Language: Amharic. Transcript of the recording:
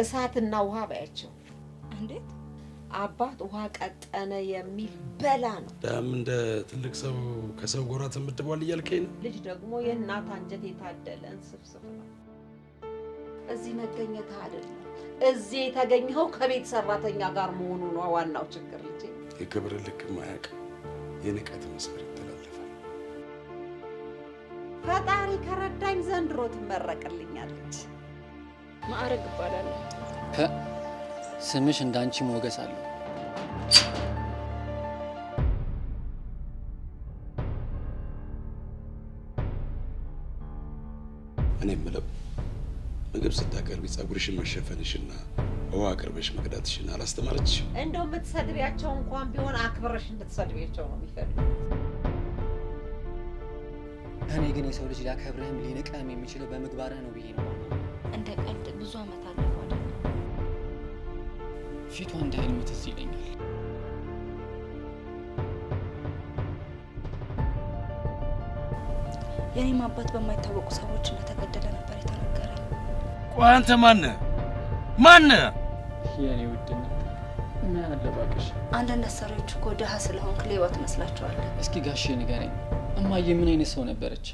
እሳትና ውሃ ባያቸው እንዴት አባት ውሃ ቀጠነ የሚል በላ ነው። ዳም እንደ ትልቅ ሰው ከሰው ጎራ ተመድቧል እያልከኝ ነው። ልጅ ደግሞ የእናት አንጀት የታደለ እንስብስብ ነው። እዚህ መገኘት አይደለም፣ እዚህ የተገኘኸው ከቤት ሰራተኛ ጋር መሆኑ ነው ዋናው ችግር። ልጅ የክብር ልክ ማያቅ የንቀት መስመር ይተላለፋል። ፈጣሪ ከረዳኝ ዘንድሮ ትመረቅልኛለች። ማዕረግ እባላለሁ። ስምሽ እንዳንቺ ሞገስ አለው። እኔ የምለው ምግብ ስታቀርቢ ጸጉርሽን መሸፈንሽና ውሃ አቅርበሽ መቅዳትሽን አላስተማረች? እንደው የምትሰድቢያቸው እንኳን ቢሆን አክብረሽ እንድትሰድቢያቸው ነው የሚፈልጉት። እኔ ግን የሰው ልጅ ሊያከብርህም ሊንቅህም የሚችለው በምግባርህ ነው ብዬ ነው ብዙ አመት አለፈ አይደል? ፊቷ እንደ ህልም ትዝ ይለኛል። የኔም አባት በማይታወቁ ሰዎች እንደተገደለ ነበር የተነገረ። ቆይ አንተ ማነ ማነህ? የኔ ውድነት እና ያለባቅሽ አንዳንድ አሰሪዎች እኮ ድሀ ስለሆንክ ሌባ ትመስላቸዋለህ። እስኪ ጋሼ ንገረኝ፣ እማዬ ምን አይነት ሰው ነበረች?